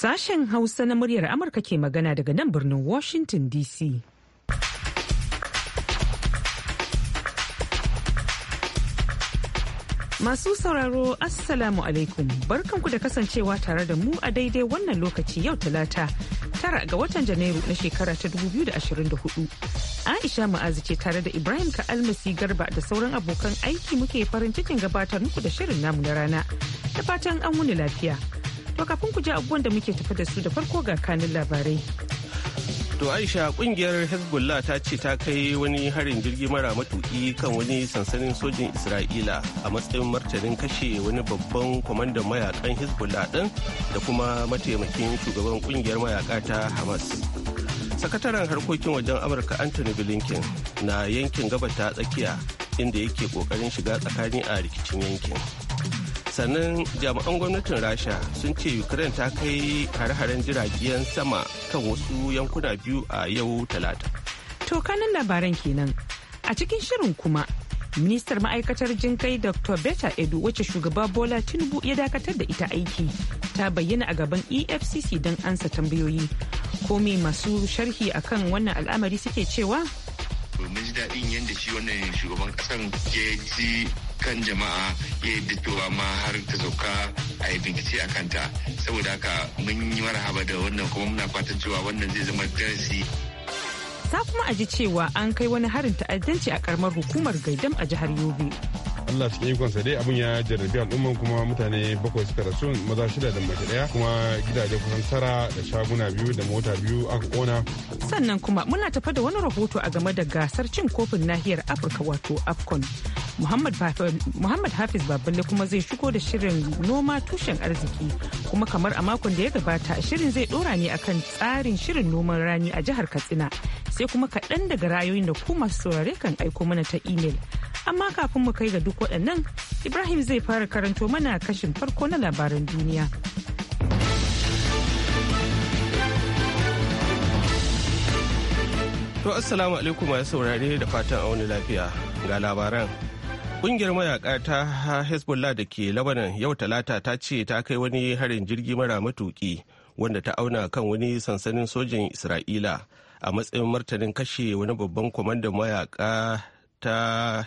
Sashen Hausa na muryar Amurka ke magana daga nan birnin Washington DC. Masu sauraro Assalamu alaikum barkanku da kasancewa tare da mu a daidai wannan lokaci yau talata tara ga watan Janairu na shekara ta 2024. Aisha Ma'azu ce tare da Ibrahim Ka'almasi Garba da sauran abokan aiki muke farin cikin gabatar muku da shirin namu na rana. Da fatan an wuni lafiya. To kafin ku ji abubuwan da muke tafi da su da farko ga kanin labarai. To Aisha kungiyar Hezbollah ta ce ta kai wani harin jirgi mara matuki kan wani sansanin sojin Isra'ila a matsayin martanin kashe wani babban kwamandan mayakan Hezbollah ɗin da kuma mataimakin shugaban kungiyar mayaka ta Hamas. Sakataren harkokin wajen Amurka Anthony Blinken na yankin gabata tsakiya inda yake kokarin shiga tsakani a rikicin yankin. sannan jami'an gwamnatin rasha sun ce ukraine ta kai hare-haren jiragen sama kan wasu yankuna biyu a yau talata to kanan labaran kenan a cikin shirin kuma ministar ma'aikatar jinkai dr beta edu wacce shugaba bola tinubu ya dakatar da ita aiki ta bayyana a gaban efcc don ansa tambayoyi komai masu sharhi akan wannan al'amari suke cewa ji daɗin yadda shi wannan shugaban ƙasan kan jama'a ya yi cewa ma har ta sauka a yi bincike a kanta saboda haka mun yi marhaba da wannan kuma muna fatan cewa wannan zai zama darasi ta kuma aji cewa an kai wani harin ta'addanci a karamar hukumar gaidam a jihar yobe Allah cikin ikonsa dai abin ya jarrabi al'umman kuma mutane bakwai suka rasu maza shida da mace daya kuma gidaje kusan tara da shaguna biyu da mota biyu aka kona. Sannan kuma muna tafa da wani rahoto a game da gasar cin kofin nahiyar Afirka wato AFCON. Muhammad Hafiz Baballe kuma zai shigo da shirin noma tushen arziki kuma kamar a makon da ya gabata shirin zai dora ne akan tsarin shirin noman rani a jihar Katsina sai kuma kaɗan daga rayoyin da ku masu saurare kan aiko mana ta imel. Amma kafin mu kai ga duk waɗannan, Ibrahim zai fara karanto mana kashin farko na labaran duniya. To assalamu alaikum masu saurare da fatan auni lafiya ga labaran. ƙungiyar mayaƙa ta Hezbollah da ke labanan yau talata ta ce ta kai wani harin jirgi mara matuki wanda ta auna kan wani sansanin sojin Isra'ila a matsayin martanin kashe wani babban kwamandan mayaƙa ta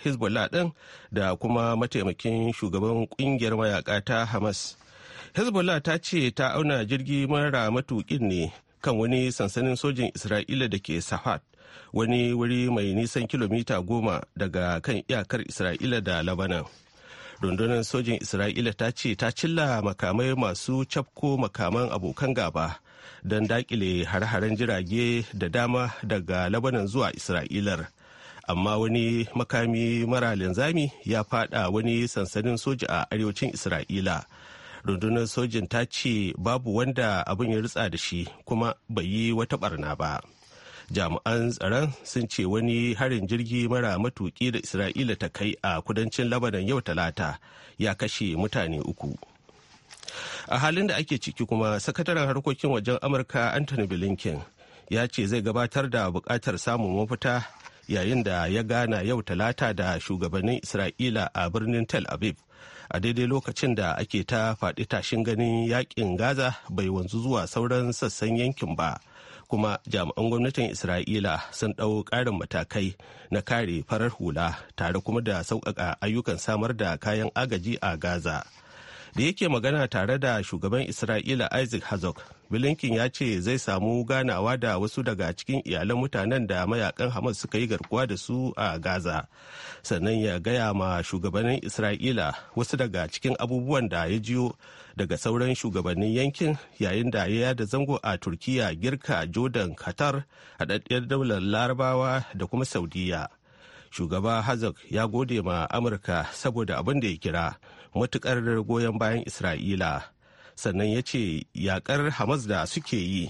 hezbollah ɗin da kuma mataimakin shugaban ƙungiyar mayaka ta hamas hezbollah ta ce ta auna jirgi mara matuƙin ne kan wani sansanin sojin isra'ila da ke safat wani wuri mai nisan kilomita goma daga kan iyakar isra'ila da labanan rundunar sojin isra'ila ta ce ta cilla makamai masu cafko makaman abokan gaba don dakile har-haren jirage da dama daga labanan zuwa isra'ilar amma wani makami mara linzami ya fada wani sansanin soja a arewacin isra'ila rundunar sojin ta ce babu wanda abin ya rutsa da shi kuma bai yi wata barna ba jami'an tsaron sun ce wani harin jirgi mara matuki da isra'ila ta kai a kudancin labanan yau talata ya kashe mutane uku a halin da ake ciki kuma sakataren harkokin wajen amurka anthony blinken ya ce zai gabatar da bukatar samun mafita yayin da ya gana yau talata da shugabannin isra'ila a birnin tel aviv a daidai lokacin da ake ta faɗi tashin ganin yakin gaza bai wanzu zuwa sauran sassan yankin ba kuma jami'an gwamnatin isra'ila sun ɗau ƙarin matakai na kare farar hula tare kuma da sauƙaƙa ayyukan samar da kayan agaji a gaza da yake magana tare da shugaban isra'ila isaac herzog bilinkin ya ce zai samu ganawa da wasu daga cikin iyalan mutanen da mayakan hamas suka yi garkuwa da su a gaza sannan ya gaya ma shugabannin isra'ila wasu daga cikin abubuwan da ya jiyo daga sauran shugabannin yankin yayin da ya yada zango a turkiyya girka jordan qatar haɗaɗɗiyar daular larabawa da kuma saudiya shugaba hazak ya gode ma amurka saboda abin da ya kira matukar goyon bayan isra'ila sannan ya ce yakar hamas da suke yi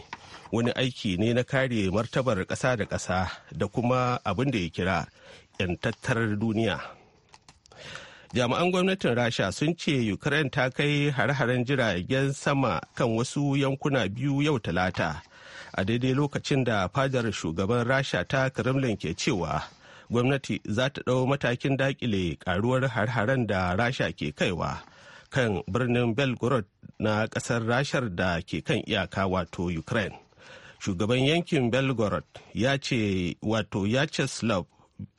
wani aiki ne na kare martabar ƙasa da ƙasa da kuma abin da ya kira 'yantattar duniya jami'an gwamnatin rasha sun ce ukraine ta kai har-haren jiragen sama kan wasu yankuna biyu yau talata a daidai lokacin da fadar shugaban rasha ta kremlin ke cewa gwamnati za ta ɗau matakin dakile karuwar har-haren da rasha ke kaiwa kan birnin belgorod na ƙasar rashar da ke kan iyaka wato ukraine shugaban yankin belgorod ya ce wato yacheslav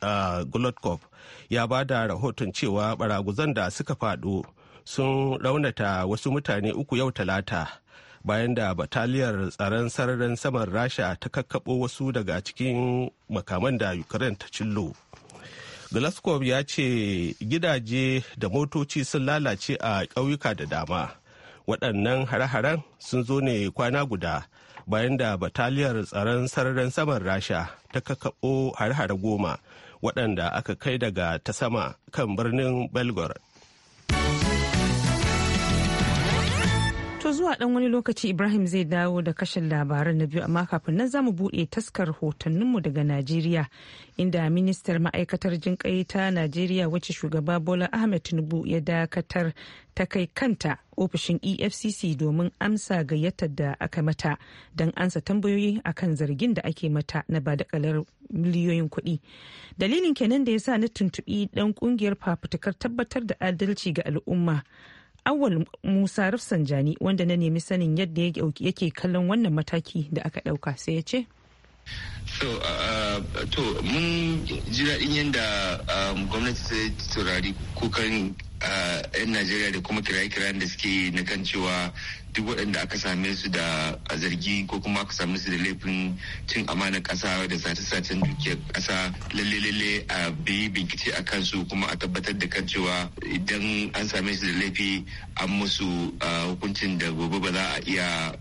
uh, glotkov ya ba da rahoton cewa baraguzan da suka faɗo sun raunata wasu mutane uku yau talata bayan da bataliyar tsaron sararin saman rasha ta kakkaɓo wasu daga cikin makaman da ukraine ta cillo glasgow ya ce gidaje da motoci sun lalace a ƙauyuka da dama waɗannan hare-haren sun zo ne kwana guda bayan da bataliyar tsaron sararin saman rasha ta kakkaɓo hare-hare goma waɗanda aka kai daga ta sama kan birnin belgrade To zuwa ɗan wani lokaci Ibrahim zai dawo da kashin labaran na biyu amma kafin nan zamu buɗe taskar hotonninmu daga Najeriya inda ministar ma'aikatar jinƙai ta Najeriya wacce shugaba Bola Ahmed Tinubu ya dakatar ta kai kanta ofishin EFCC domin amsa gayyatar da aka mata don ansa tambayoyi akan zargin da ake mata na ba kalar miliyoyin kuɗi. Dalilin kenan da ya sa na tuntubi ɗan ƙungiyar fafutukar tabbatar da adalci ga al'umma. awal musa rafsanjani wanda na nemi sanin yadda yake kallon wannan mataki da aka ɗauka sai ya ce So, to mun ji daɗin yadda gwamnati ta turari kukan 'yan najeriya da kuma kiraye-kirayen da suke na kan cewa duk waɗanda aka same su da zargi ko kuma aka same su da laifin cin amanar ƙasa da sace-sacen dukiyar ƙasa lalle-lalle a biyi bincike a kansu kuma a tabbatar da kan cewa idan an same su da laifi an musu hukuncin da gobe ba za a iya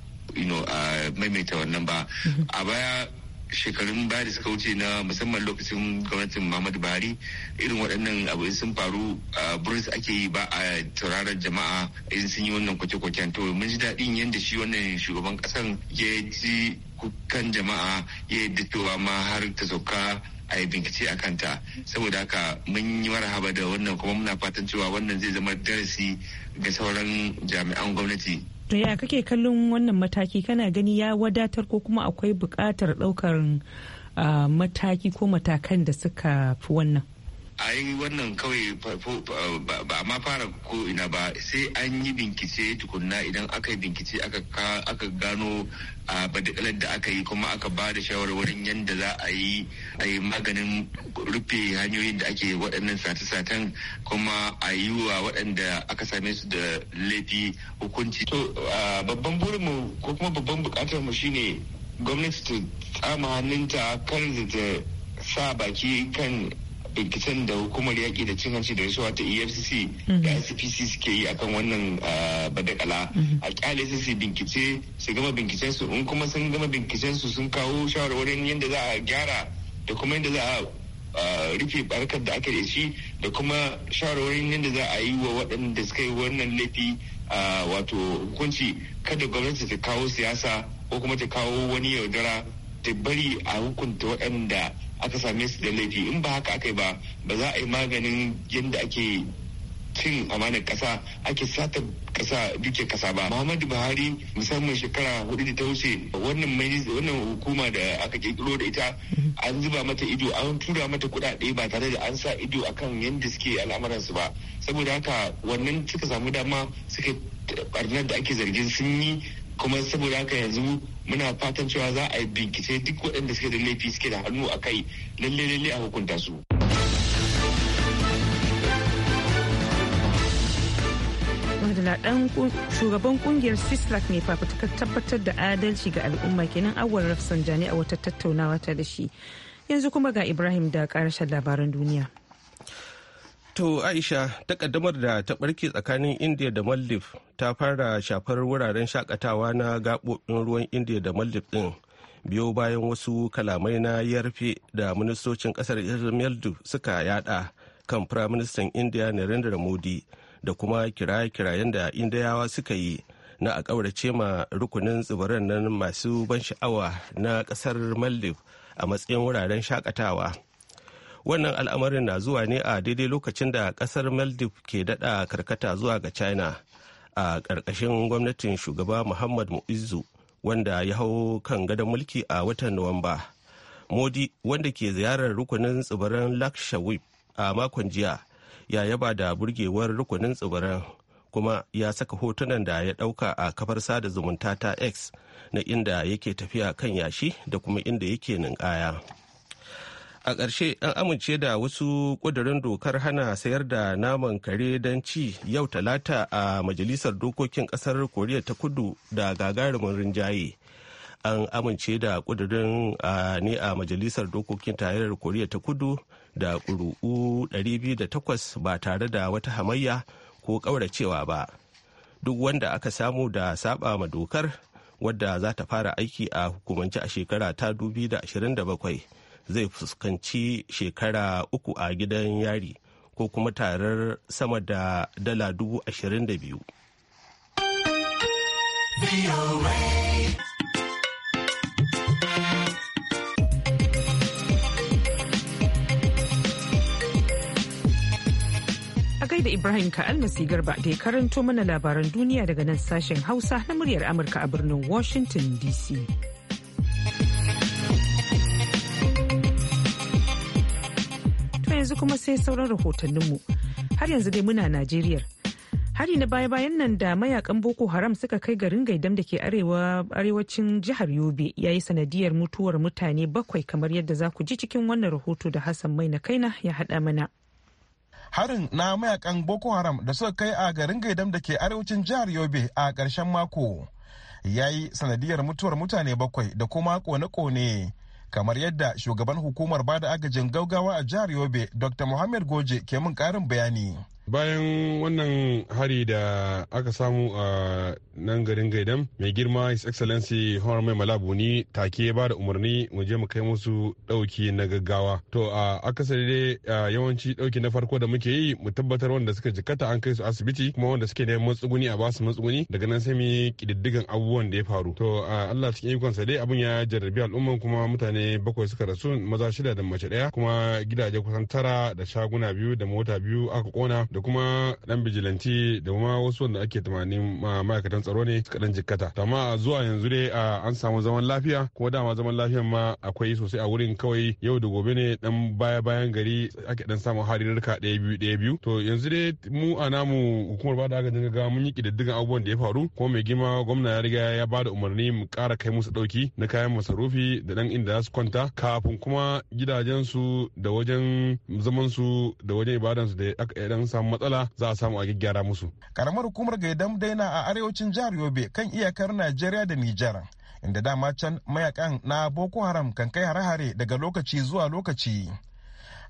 maimaita wannan ba. Mm-hmm. A baya shekarun baya da suka wuce na musamman lokacin gwamnatin Muhammadu Buhari irin waɗannan abu sun faru a burinsu ake yi ba a tauraron jama'a in sun yi wannan kwace-kwacen to mun ji daɗin yadda shi wannan shugaban ƙasan ya ji kukan jama'a ya yadda cewa ma har ta sauka a yi bincike a kanta saboda haka mun yi marhaba da wannan kuma muna fatan cewa wannan zai zama darasi ga sauran jami'an gwamnati to ya kake kallon wannan mataki kana gani ya wadatar ko kuma akwai bukatar ɗaukar ah, mataki ko matakan da suka fi wannan yi wannan kawai ba ma fara ko ina ba sai an yi binkice tukunna idan aka yi binkice aka gano a badakalar da aka yi kuma aka ba da shawarwarin yadda za a yi a yi maganin rufe hanyoyin da ake waɗannan sata-satan kuma a yi wa waɗanda aka same su da laifi hukunci. to babban burinmu ko kuma babban bukatarmu shine gwamnati ta tsama hannunta kan ta sa baki kan binciken da hukumar yaƙi da cin hanci da rashawa ta efcc mhm. da icpc suke yi akan wannan ah, badakala mhm. a kyale su su bincike su gama binciken su in kuma sun gama binciken sun kawo shawarwarin yadda za a gyara da kuma yadda za a ah, rufe barkar da ake da shi da kuma shawarwarin yadda za a yi wa waɗanda suka yi wannan laifi ah, wato hukunci kada gwamnati ta kawo siyasa ko kuma ta kawo wani yaudara ta bari a hukunta waɗanda aka same su da laifi in ba haka aka yi ba ba za a yi maganin yadda ake cin amanar kasa ake sata kasa duke kasa ba muhammadu buhari musamman shekara hudu da ta wuce wannan wannan hukuma da aka kirkiro da ita an zuba mata ido an tura mata kudade ba tare da an sa ido akan yadda suke su ba saboda haka wannan suka samu dama suka barnar da ake zargin sun yi kuma saboda haka yanzu muna fatan cewa za a yi bincike duk waɗanda suke da laifi suke da hannu a kai lalle lalle a hukunta su Madala ɗan shugaban kungiyar Sislak ne ta tabbatar da adalci ga al'umma kenan awar Jani a wata tattaunawa ta da shi. Yanzu kuma ga Ibrahim da ƙarashen labaran duniya. To Aisha takaddamar da ta barke tsakanin India da Maldives ta fara shafar wuraren shakatawa na gaɓoɓin ruwan India da Maldives ɗin biyo bayan wasu kalamai na yarfe da ministocin ƙasar Maldives suka yada kan Firaministan India Narendra Modi da kuma kiraye-kirayen da Indiyawa suka yi na a ƙaurace ma rukunin tsibiran nan masu ban sha'awa na ƙasar Maldives a matsayin wuraren shakatawa. wannan al'amarin na zuwa ne a daidai lokacin da kasar maldives ke dada karkata zuwa ga china a ƙarƙashin gwamnatin shugaba muhammad muizu wanda ya hau kan gadon mulki a watan nuwamba modi wanda ke ziyarar rukunin tsibirin lakshawib a makon jiya ya yaba da burgewar rukunin tsibirin kuma ya saka hotunan da ya ɗauka a kafar sada zumunta ta x na inda yake tafiya kan yashi da kuma inda yake ninkaya. a ƙarshe an amince da wasu ƙudurin dokar hana sayar da naman kare don ci yau talata a majalisar dokokin ƙasar koriya ta kudu da gagarumin rinjaye an amince da ƙudurin ne a majalisar dokokin tarayyar koriya ta kudu da ƙuru'u 208 ba tare da wata hamayya ko ƙauracewa ba duk wanda aka samu da saba ma dokar wadda za ta fara aiki a hukumance a shekara ta 2027 zai fuskanci shekara uku a gidan yari ko kuma tarar sama da dala dubu ashirin da biyu. A Ibrahim Ibrahim almasi Garba da ya karanto mana labaran duniya daga nan sashen Hausa na muryar Amurka a birnin Washington DC. yanzu kuma sai sauran rahotanninmu. Har yanzu dai muna Najeriya. Hari na baya-bayan nan da mayakan Boko Haram suka kai garin Gaidam da ke arewacin jihar Yobe ya yi sanadiyar mutuwar mutane bakwai kamar yadda za ku ji cikin wannan rahoto da Hassan Mai na kaina ya haɗa mana. harin na mayakan boko haram da suka kai a garin gaidam da ke arewacin jihar yobe a ƙarshen mako ya yi sanadiyar mutuwar mutane bakwai da kuma kone-kone kamar yadda shugaban hukumar bada agajin gaugawa a jihar yobe dr Mohammed goje ke min karin bayani bayan wannan hari da aka samu a nan garin gaidam mai girma his excellency honor mai malabu ni take ba da umarni mu je mu kai musu dauki na gaggawa to a akasari dai yawanci dauki na farko da muke yi mu tabbatar wanda suka jikata an kai su asibiti kuma wanda suke neman matsuguni a basu matsuguni daga nan sai mu kididdigan abubuwan da ya faru to Allah cikin ikonsa dai abin ya jarrabi al'umman kuma mutane bakwai suka rasu maza shida da mace daya kuma gidaje kusan tara da shaguna biyu da mota biyu aka kona da kuma dan bijilanti da kuma wasu wanda ake tunanin ma'aikatan tsaro ne kadan dan jikkata amma zuwa yanzu dai an samu zaman lafiya kuma dama zaman lafiyan ma akwai sosai a wurin kawai yau da gobe ne dan baya bayan gari ake dan samun harirka ɗaya biyu ɗaya biyu to yanzu dai mu a namu hukumar bada agajin gaggawa mun yi kididdigan abubuwan da ya faru kuma mai girma gwamna ya riga ya bada umarni mu kara kai musu ɗauki na kayan masarufi da dan inda za su kwanta kafin kuma gidajensu da wajen zamansu da wajen ibadansu da aka dan samu matsala za a samu a gyaggyara musu. Karamar hukumar Gaidam daina a arewacin jihar Yobe kan iyakar Najeriya da Nijar. Inda dama can mayakan na Boko Haram kan kai hare-hare daga lokaci zuwa lokaci.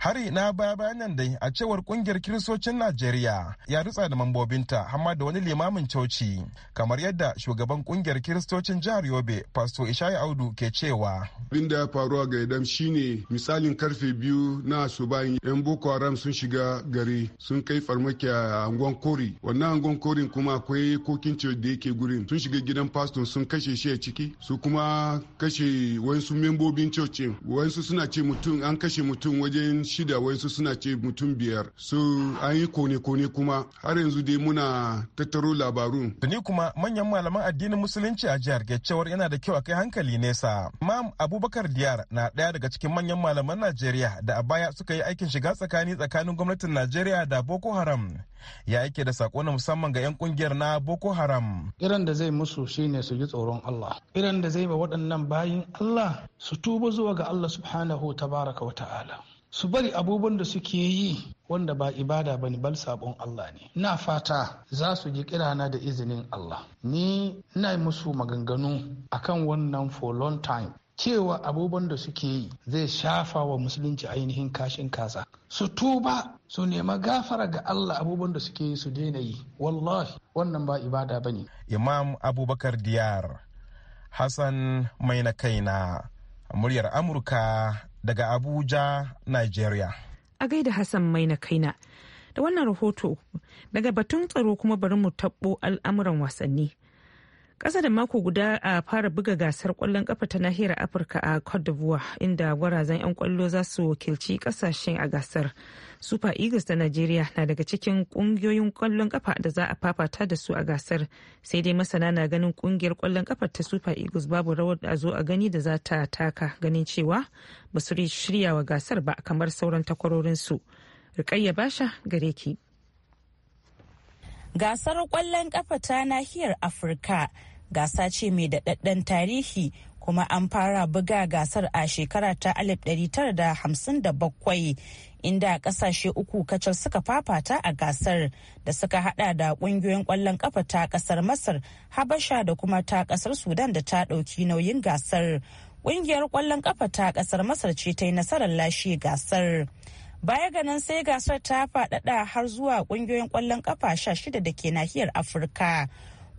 har na baya bayan nan dai a cewar kungiyar kiristocin najeriya ya rutsa da mambobinta hamma da wani limamin coci kamar yadda shugaban kungiyar kiristocin jihar yobe pastor ishaya audu ke cewa abin da ya faru a gaidam shine misalin karfe biyu na asubahin yan boko haram sun shiga gari sun kai farmaki a angon kori wannan angon korin kuma akwai kokin ce da yake gurin sun shiga gidan pastor sun kashe shi a ciki su kuma kashe wasu membobin cocin wasu suna ce mutum an kashe mutum wajen shida wasu suna ce mutum biyar so an yi kone-kone kuma har yanzu dai muna tattaro labarun. Tuni kuma manyan malaman addinin musulunci a jihar Gachawar yana da kyau a kai hankali nesa. Imam Abubakar Diyar na ɗaya daga cikin manyan malaman Najeriya da a baya suka yi aikin shiga tsakani tsakanin gwamnatin Najeriya da Boko Haram. ya yake da sako na musamman ga 'yan kungiyar na boko haram irin da zai musu shine su ji tsoron allah irin da zai ba waɗannan bayin allah su tuba zuwa ga allah subhanahu tabaraka wa ta'ala su bari abubuwan da suke yi wanda ba ibada bane bal sabon Allah ne na fata za su ji kirana da izinin Allah ni yi musu maganganu akan wannan for long time cewa abubuwan da suke yi zai shafa wa musulunci ainihin kashin kasa su tuba su nema gafara ga Allah abubuwan da suke yi su daina yi wallahi wannan ba ibada ba ne. imam abubakar diyar hassan mai na kaina muryar amurka daga Abuja, Nigeria. A gaida Hassan mai na kaina. Da wannan rahoto daga batun tsaro kuma bari mu taɓo al'amuran wasanni. Ƙasa da mako guda a fara buga gasar ƙwallon ƙafa ta nahiyar Afirka a Cote d'Ivoire inda gwarazan 'yan ƙwallo za su wakilci ƙasashen a gasar. Super Eagles ta Najeriya na daga cikin ƙungiyoyin ƙwallon ƙafa da za a fafata da su a gasar. Sai dai masana na ganin ƙungiyar ƙwallon ƙafa ta Super Eagles babu rawar da zo a gani da za ta taka ganin cewa ba su shirya wa gasar ba kamar sauran takwarorinsu. Rikayya Basha gare ki. Gasar ƙwallon ƙafa ta nahiyar Afirka gasa ce mai daɗaɗɗen tarihi kuma an fara buga gasar a shekara ta 1957 inda ƙasashe uku kacal suka fafata a gasar da suka hada da ƙungiyoyin ƙwallon ƙafa ta ƙasar masar habasha da kuma ta ƙasar sudan da ta ɗauki nauyin gasar ƙungiyar ƙwallon ƙafa ta ƙasar masar ce ta yi nasarar lashe gasar baya ga nan sai gasar ta faɗaɗa har zuwa ƙungiyoyin ƙwallon kafa 16 da ke nahiyar afirka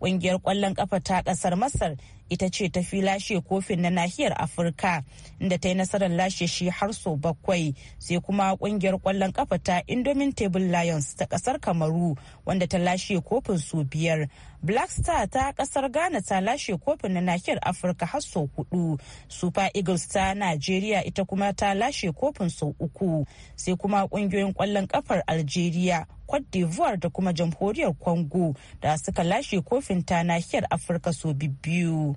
kungiyar kwallon kafa ta kasar masar ita ce ta fi lashe kofin na nahiyar afirka inda ta yi nasarar lashe shi har so bakwai sai kuma kungiyar kwallon kafa ta indomin table lions ta kasar kamaru wanda ta lashe kofin su biyar black star ta kasar ghana ta lashe kofin na nahiyar afirka har sau hudu super eagles ta nigeria ita kuma ta lashe kofin sau uku sai kuma kungiyoyin kwallon kafar algeria Cote d'Ivoire da kuma jamhuriyar Congo da suka lashe kofin ta nahiyar Afirka sau bibiyu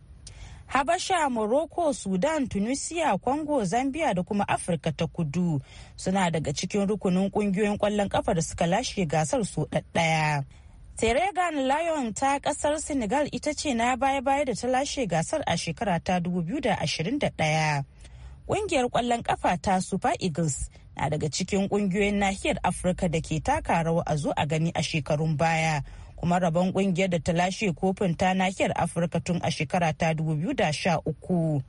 Habasha, Morocco, Sudan, Tunisia, Congo, Zambia da kuma Afirka ta kudu suna daga cikin rukunin kungiyoyin kwallon kafa da suka lashe gasar sau ɗaya. Teregan Lion ta kasar Senegal ita ce na baya-baya da ta lashe gasar a shekara ta 2021. Ƙungiyar ƙwallon ƙafa ta Super Eagles na daga cikin ƙungiyoyin nahiyar Afirka da ke taka rawa a zo a gani a shekarun baya. kuma rabon ƙungiyar da ta lashe kofin ta nahiyar afirka tun a shekara ta 2013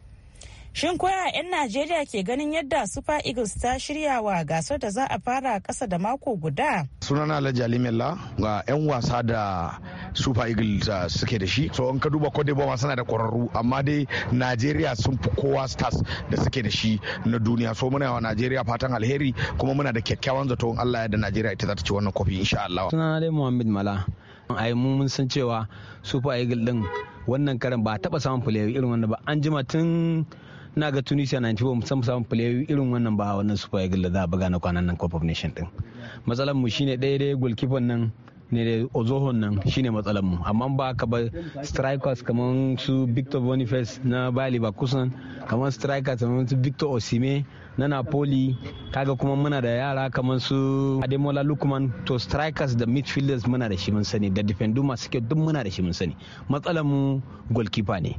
Shin koya 'yan Najeriya ke ganin yadda Super Eagles ta shirya wa gasar da za a fara ƙasa da mako guda? Sunana Alhaji Ali ga 'yan wasa da Super Eagles uh, suke da shi. So in ka duba Cote d'Ivoire suna da kwararru amma dai Najeriya sun fi kowa stars da suke da shi na duniya. So muna wa Najeriya fatan alheri kuma muna da kyakkyawan zato in Allah ya da Najeriya ita za ta ci wannan kofi insha Allah. Sunana dai Muhammad Mala. ai mu mun san cewa Super Eagles din wannan karin ba taba samun fulewa irin wannan ba an jima tun na ga tunisia na ba mu samun playoyi irin wannan ba a wannan super eagle da za a buga na kwanan nan cup of nation din matsalar mu shine ɗaya dai goalkeeper nan ne da ozohon nan shine matsalar mu amma ba ka ba strikers kamar su victor boniface na bali ba kusan kamar strikers kamar su victor osime na napoli kaga kuma muna da yara kamar su ademola lukman to strikers da midfielders muna da shi mun sani da defendu masu kyau duk muna da shi mun sani matsalar mu goalkeeper ne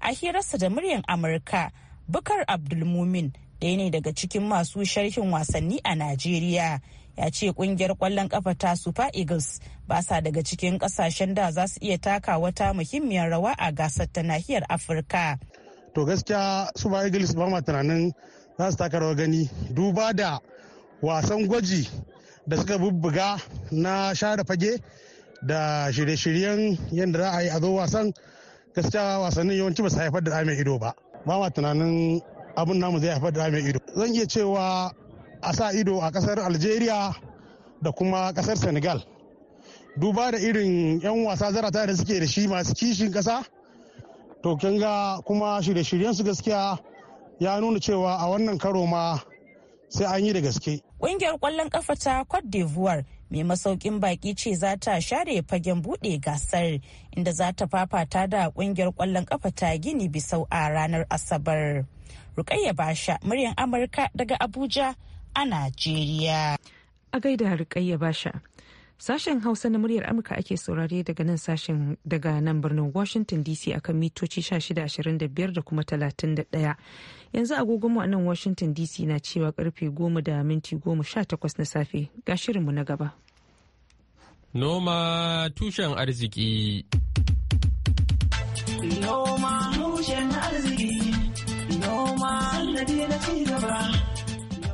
a hirarsa da muryar amurka Bukar Abdulmumin ɗaya ne daga cikin masu sharhin wasanni a Najeriya. ya ce kungiyar kwallon kafa ta super eagles ba sa daga cikin kasashen da za su iya taka wata muhimmiyar rawa a gasar ta nahiyar afirka to gaskiya super eagles ba ma tunanin za su taka rawa gani duba da wasan gwaji da suka bubbuga na share fage da shirye-shiryen yadda za a yi a zo wasan gaskiya wasannin yawanci ba su haifar da mai ido ba ba tunanin abin namu zai haifar da mai ido zan iya cewa a sa ido a kasar algeria da kuma kasar senegal duba da irin 'yan wasa zarata da suke da shi masu kishin kasa to ga kuma shirye-shiryen su gaskiya ya nuna cewa a wannan karo ma sai an yi da gaske ƙungiyar kwallon kafa ta cote d'ivoire mai masaukin baki ce za ta share fagen bude gasar inda za ta fafata da kungiyar kwallon kafa ta gini bisau a ranar asabar rukayya basha muryar amurka daga abuja a nigeria. a gaida rukayya basha sashen hausa na muryar amurka ake saurare daga nan sashen daga nan birnin washington dc akan mitoci 1625 da kuma 31 yanzu agogonmu a nan washington dc na cewa karfe goma da minti goma sha na safe ga shirinmu na gaba noma tushen arziki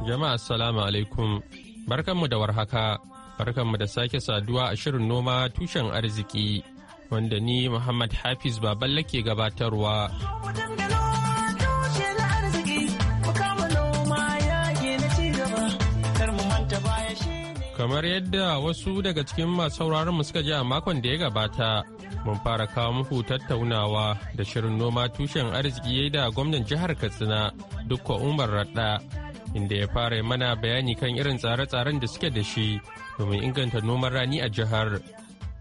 jama'a assalamu alaikum barkanmu da warhaka barkanmu da sake saduwa a shirin noma tushen arziki wanda ni muhammad hafiz baballe ke gabatarwa Kamar yadda wasu daga cikin masu sauraron mu suka ji a makon da ya gabata, mun fara kawo muku tattaunawa da shirin noma tushen arziki da gwamnan jihar Katsina dukkan Umar Radda, inda ya fara mana bayani kan irin tsare-tsaren da suke da shi domin inganta noman rani a jihar.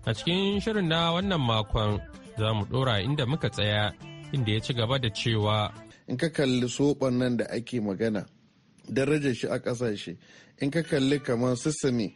A cikin shirin na wannan makon za mu ɗora inda muka tsaya, inda ya ci gaba da cewa. In ka kalli soɓon nan da ake magana, darajar shi a kasashe in ka kalli kamar sissami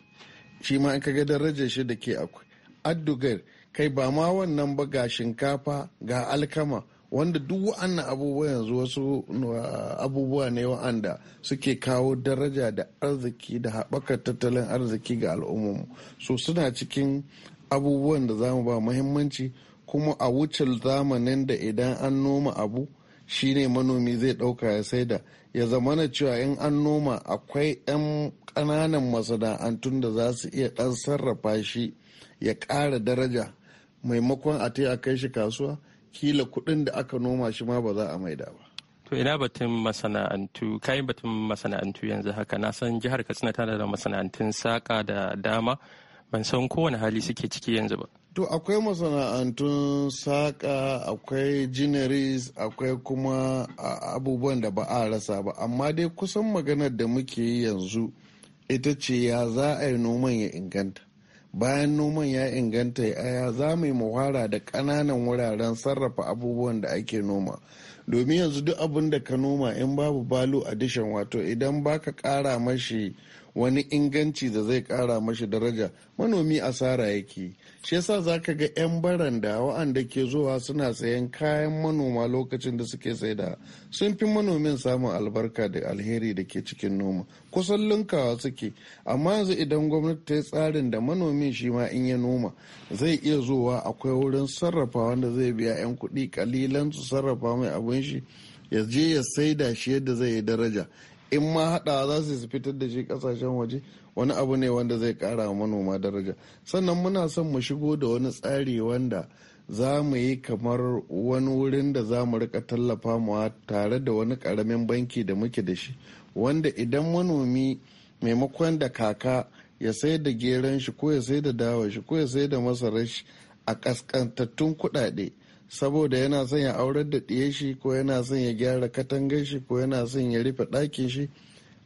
shi ma in ka ga darajar shi da ke akwai addugar kai ba ma wannan ba ga shinkafa ga alkama wanda duk wa'annan abubuwa yanzu wasu ah, abubuwa ne wa'anda suke kawo daraja da arziki da haɓakar tattalin arziki ga al'ummu so suna cikin abubuwan da zamu ba muhimmanci kuma a wucin zamanin da idan an noma abu shine manomi zai ɗauka ya da. ya zamana cewa in an noma akwai 'yan ƙananan masana'antun da za su iya ɗan sarrafa shi ya ƙara daraja maimakon a a kai shi kasuwa kila kuɗin da aka noma shi ma ba za a maida ba. To ina batun masana'antu, kayan batun masana'antu yanzu haka na san jihar Katsina tana da masana'antun saƙa da dama ban san kowane hali suke ciki yanzu ba. To akwai masana'antun saƙa, akwai generis, akwai kuma abubuwan da ba a rasa ba, amma dai kusan maganar da muke yi yanzu ita ce ya za a yi noman ya inganta. Bayan noman ya inganta ya za mu yi muhara da ƙananan wuraren sarrafa abubuwan da ake noma. Domin yanzu duk abin da ka noma in babu balo addition wato idan baka ƙara mashi wani inganci da zai kara mashi daraja manomi asara yake shi yasa za ka ga 'yan baranda wa'anda ke zuwa suna sayan kayan manoma lokacin da suke saida sun fi manomin samun albarka da alheri da ke cikin noma kusan linkawa suke amma yanzu idan gwamnati ta yi tsarin da manomin shi ma in ya noma zai iya zuwa akwai wurin sarrafa wanda zai biya 'yan kuɗi kalilan su sarrafa mai abin shi ya je ya saida shi yadda zai yi daraja in ma hada za su fitar da shi kasashen waje wani abu ne wanda zai kara manoma daraja sannan muna son mu shigo da wani tsari wanda za mu yi kamar wani wurin da za mu rika tallafa mu tare da wani karamin banki da muke da shi wanda idan manomi maimakon da kaka ya sai da geron shi ko ya sai da dawa shi ko ya sai da masarar shi a kaskantattun kuɗaɗe saboda yana son ya aurar da ɗiye shi ko yana son ya gyara katangar shi ko yana son ya rufe ɗakin shi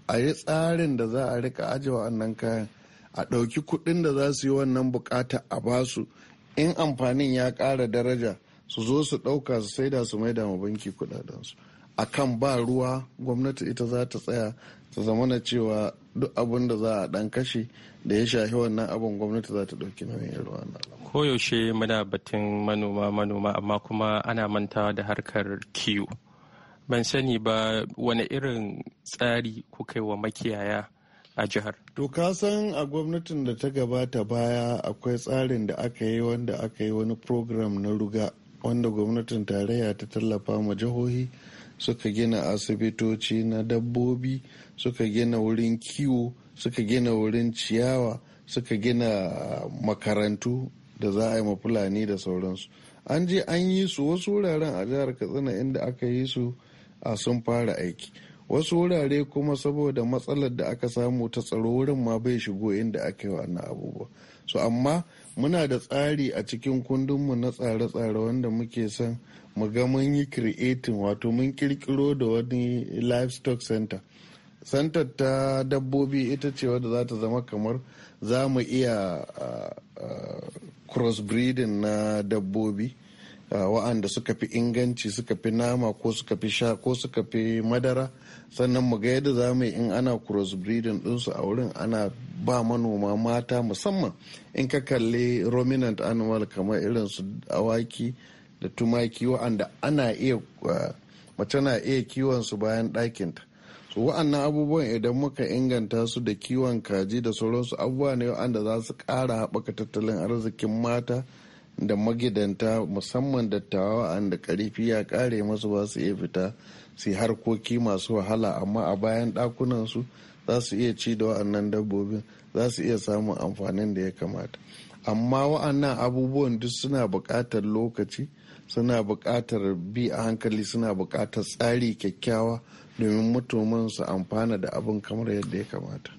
a yi tsarin da za a rika aje wannan kayan a ɗauki kuɗin da za su yi wannan bukata a basu in amfanin ya ƙara daraja su zo su ɗauka su da su maida ma banki kuɗaɗensu a kan ba ruwa gwamnati ita za ta tsaya su zamana cewa duk abin da za a dan kashe da ya shafi wannan abin gwamnati za ta ɗauki nauyin irin Koyaushe muna batun manoma manoma amma kuma ana manta da harkar kiwo. Ban sani ba wani irin tsari kuka yi wa makiyaya a jihar. To ka san a gwamnatin da ta gabata baya akwai tsarin da aka yi wanda aka yi wani program na ruga wanda gwamnatin tarayya ta tallafa ma jihohi suka gina asibitoci na dabbobi suka gina wurin kiwo suka gina wurin ciyawa suka gina makarantu da za a yi mafulani da sauransu an je an yi su wasu wuraren a jihar katsina inda aka yi su a sun fara aiki wasu wurare kuma saboda matsalar da aka samu ta tsaro wurin ma bai shigo inda aka yi wannan abubuwa so amma muna da tsari a cikin kundinmu na tsare-tsare wanda muke son mu ga mun yi creating wato mun kirkiro da wani livestock center center ta dabbobi ita ce wadda za ta zama kamar za mu iya ah, ah, crossbreeding na dabbobi ah, wa'anda suka fi inganci suka fi nama ko suka fi sha ko suka fi madara sannan mu ga yadda za mu yi in ana crossbreeding ɗinsu a wurin ana ba manoma mata musamman in ka kalli ruminant animal kamar irinsu su awaki da tumaki wa'anda ana iya uh, mace na iya kiwon su bayan ɗakinta su wa'annan abubuwan idan muka inganta su da kiwon kaji da sauransu abubuwa ne wa'anda za su ƙara haɓaka tattalin arzikin mata da magidanta musamman dattawa wa'anda ƙarfi ya ƙare masu ba su iya fita su harkoki masu wahala amma a bayan ɗakunansu za su iya ci da wa'annan dabbobin za su iya samun amfanin da ya kamata amma wa'annan abubuwan duk suna buƙatar lokaci suna buƙatar bi a hankali suna buƙatar tsari kyakkyawa domin mutumin su amfana da abin kamar yadda ya kamata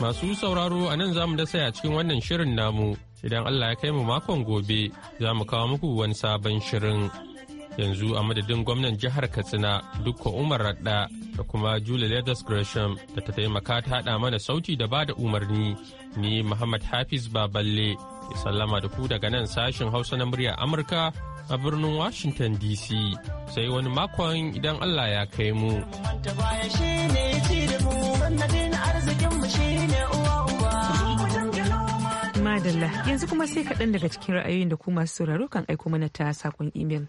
masu sauraro a nan za mu da a cikin wannan shirin namu idan allah ya kai mu makon gobe za mu kawo muku wani sabon shirin yanzu a madadin gwamnan jihar katsina dukka umar radda da kuma julia leathers gresham da ta taimaka ta haɗa mana sauti da bada umarni ni muhammad hafiz baballe ke sallama da ku daga nan sashen Hausa na murya Amurka a birnin Washington DC. Sai wani makon idan Allah ya kai mu. Madalla yanzu kuma sai kaɗan daga cikin ra'ayoyin da ku masu sauraro kan aiko mana ta saƙon imel.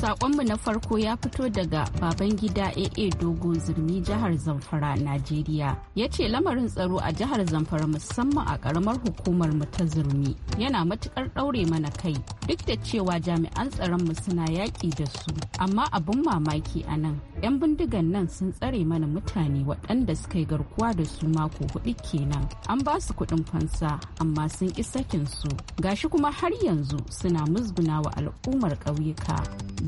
Sakonmu na farko ya fito daga baban gida AA Dogo Zirmi jihar Zamfara, Najeriya. Ya ce lamarin tsaro a jihar Zamfara musamman a karamar hukumar mu ta Zirmi yana matukar daure mana kai duk da cewa jami'an tsaron mu suna yaki da su. Amma abun mamaki a nan, 'yan bindigan nan sun tsare mana mutane waɗanda suka yi garkuwa da su mako hudu kenan. An ba su kuɗin fansa amma sun ƙi sakin su. Gashi kuma har yanzu suna musguna wa al'ummar ƙauyuka.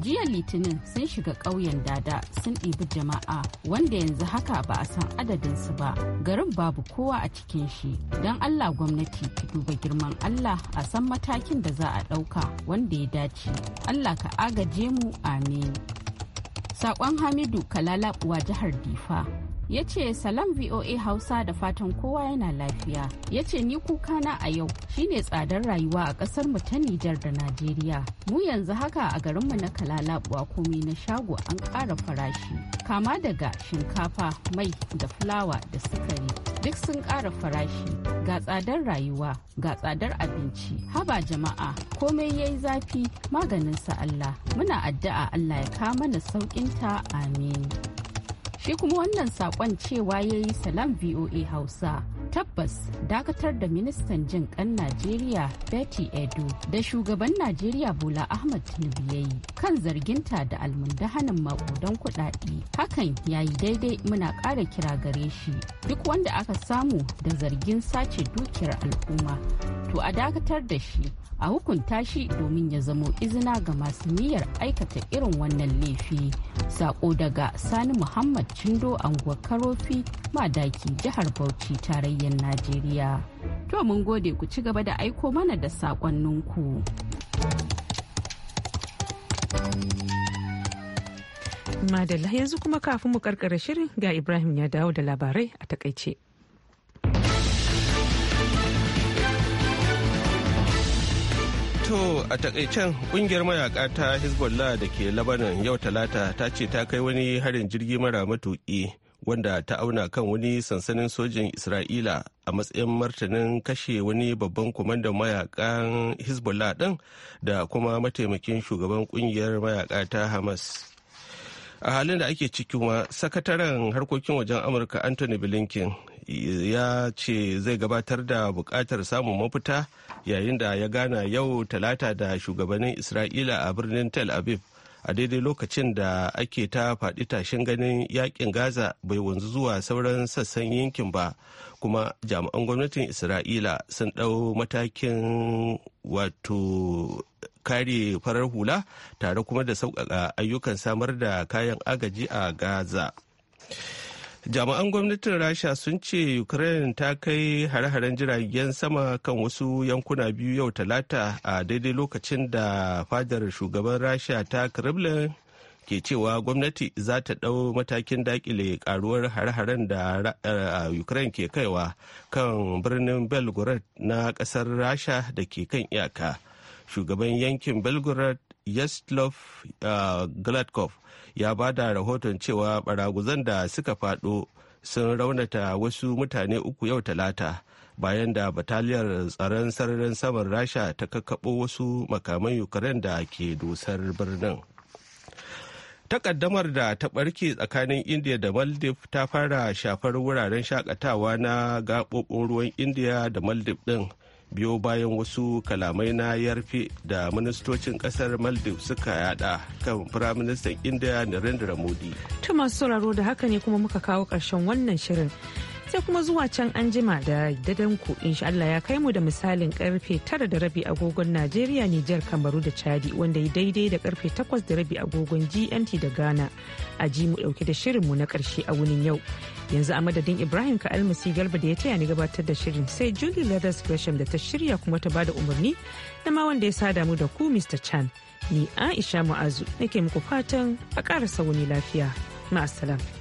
jiya litinin sun shiga ƙauyen dada sun ɗibi jama'a wanda yanzu haka ba a san adadinsu ba garin babu kowa a cikin shi don allah gwamnati duba girman allah a san matakin da za a ɗauka wanda ya dace allah ka agaje mu amin saƙon hamidu kalalabuwa jihar difa ya ce salam voa hausa da fatan kowa yana lafiya ya ce ni na a yau shine tsadar rayuwa a kasar mu ta nijar da najeriya mu yanzu haka a garinmu na kalalabuwa komai na shago an ƙara farashi kama daga shinkafa mai da fulawa da sukari duk sun ƙara farashi ga tsadar rayuwa ga tsadar abinci haba jama'a komai yayi zafi maganin sa allah muna addu'a allah ya kama mana ta amin Shi kuma wannan saƙon cewa ya yi salam VOA Hausa. tabbas dakatar da ministan jin kan najeriya betty edo da shugaban najeriya bola ahmad tinubu ya yi kan zarginta da almundahanin makudan kudade hakan ya yi daidai muna kara kira gare shi duk wanda aka samu da zargin sace dukiyar al'umma to a dakatar da shi a hukunta shi domin ya zamo izina ga masu niyyar aikata irin wannan laifi sako daga sani muhammad cindo anguwar karofi madaki jihar bauchi tarayya tarayyar Najeriya. To mun gode ku ci gaba da aiko mana da saƙonninku. Madalla yanzu kuma kafin mu karkara shirin ga Ibrahim ya dawo da labarai a takaice. To a takaicen kungiyar mayaka ta Hezbollah da ke Lebanon yau talata ta ce ta kai wani harin jirgi mara matuƙi. wanda ta auna kan wani sansanin sojin isra'ila a matsayin martanin kashe wani babban kwamandan mayakan hezbollah ɗin da kuma mataimakin shugaban kungiyar mayaka ta hamas a halin da ake ciki ma sakataren harkokin wajen amurka anthony blinken ya ce zai gabatar da bukatar samun mafita yayin da ya gana yau talata da shugabannin isra'ila a birnin tel aviv a daidai lokacin da ake ta faɗi tashin ganin yakin gaza bai wanzu zuwa sauran sassan yankin ba kuma jami'an gwamnatin isra'ila sun ɗau matakin wato kare farar hula tare kuma da sauƙaƙa ayyukan samar da kayan agaji a gaza jami'an gwamnatin rasha sun ce ukraine ta kai hare-haren jiragen sama kan wasu yankuna biyu yau talata a daidai lokacin da fadar shugaban rasha ta kremlin ke cewa gwamnati za ta ɗau matakin dakile karuwar hare-haren da eh, ukraine ke kaiwa kan birnin belgorod na ƙasar rasha da ke kan iyaka shugaban yankin belgorod Yaslov uh, Gladkov ya ba da rahoton cewa baraguzan da suka faɗo sun raunata wasu mutane uku yau talata bayan da bataliyar tsaron sararin saman rasha ta kakkaɓo wasu makaman ukraine da ke dusar birnin takaddamar da ta barke tsakanin india da maldives ta fara shafar wuraren shakatawa na gaɓoɓin ruwan india da maldives ɗin biyo bayan wasu kalamai na yarfe da ministocin kasar maldives suka yada kan firaministan india narendra modi ta masu sauraro da haka ne kuma muka kawo karshen wannan shirin sai kuma zuwa can an jima da dadan ku insha Allah ya kai mu da misalin karfe tara da rabi agogon Najeriya Nijar Kamaru da Chadi wanda ya daidai da karfe takwas da rabi agogon GMT da Ghana a ji mu dauke da shirin mu na karshe a wunin yau yanzu a madadin ibrahim ka almasi garba da ya taya ni gabatar da shirin sai julie leathers gresham da ta shirya kuma ta bada umarni da ma wanda ya sada mu da ku mr chan ni aisha mu'azu nake muku fatan a ƙara sauni lafiya ma'asalam.